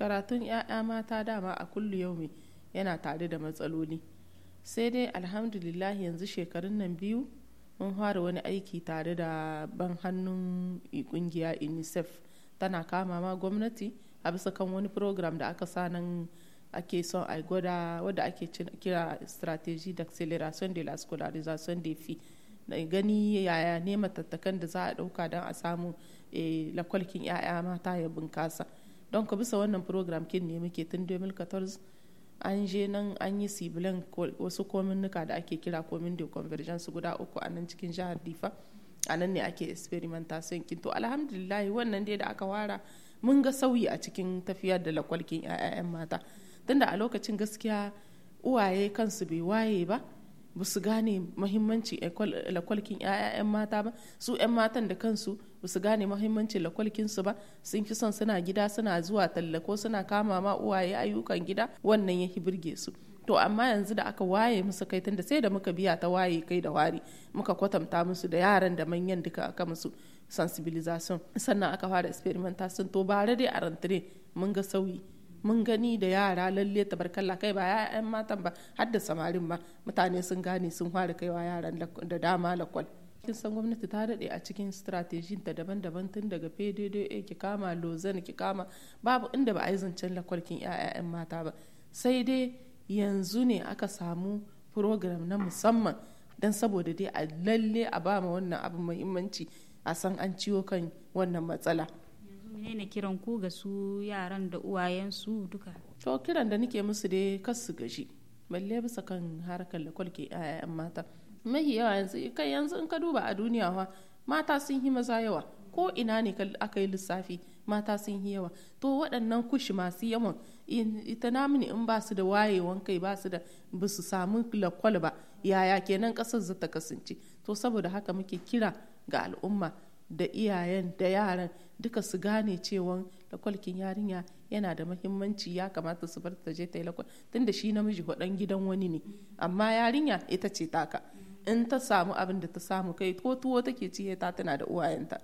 karatun 'ya'ya mata dama a kullu yaumi yana tare da matsaloli sai dai alhamdulillah yanzu shekarun nan biyu mun fara wani aiki tare da ban hannun kungiya unicef tana kama ma gwamnati a bisa kan wani program da aka sa nan ake son a gwada wadda ake kira strategy acceleration de la de fi na gani yaya ne matattakan da za a dauka don a samu eh, lakwalkin 'ya'ya mata ya bunkasa don ka bisa wannan program kin ne muke tun 2014 an je nan an yi sibilan wasu kominnuka da ake kira komin da convergence guda uku a nan cikin jihar difa a nan ne ake experimentation kin to alhamdulillah wannan dai da aka wara mun ga sauyi a cikin tafiyar da lakwalkin 'ya'yan mata tunda a lokacin gaskiya uwaye kansu bai waye ba ba su gane mahimmanci lakwalkin 'ya'yan mata ba su 'yan matan da kansu ba su gane lakwalkin su ba sun fi son suna gida suna zuwa talla ko suna kama ma uwaye ayyukan gida wannan ya birge su to amma yanzu da aka waye musu kai tunda sai da muka biya ta waye kai da wari muka kwatanta musu da yaran da manyan duka aka musu sensibilization sannan aka fara experimentation to bare dai a rantare mun ga sauyi mun gani da yara lalle tabarkalla kai ba 'ya'yan matan ba har samarin ba mutane sun gane sun fara kaiwa yaran da dama lakwal kin san gwamnati ta daɗe a cikin strategin ta daban-daban tun daga pdda ki kama lozan ki kama babu inda ba a yi zancen lakwalkin 'ya'yan mata ba sai dai yanzu ne aka samu program na musamman don saboda dai a lalle a ba ma wannan abin muhimmanci a san an ciwo kan wannan matsala menene kiran ku ga su yaran da uwayensu duka to kiran da nike musu dai kas su gaji balle bisa kan harkar da kwalke 'ya'yan mata mahi yawa yanzu kai yanzu in ka duba a duniya fa mata sun yi maza yawa ko ina ne aka yi lissafi mata sun yi yawa to waɗannan kushi masu yawan ita namini in ba su da wayewan kai ba su da ba su samu lakwal ba yaya kenan ƙasar za ta kasance to saboda haka muke kira ga al'umma da iyayen da yaran duka su gane cewa lakwalkin yarinya yana da mahimmanci ya kamata su bar ta je ta yi lakwal tunda shi namiji hudan gidan wani ne amma yarinya ita ce taka in ta samu abin da ta samu kai ko tuwo take ci ta tana da uwayenta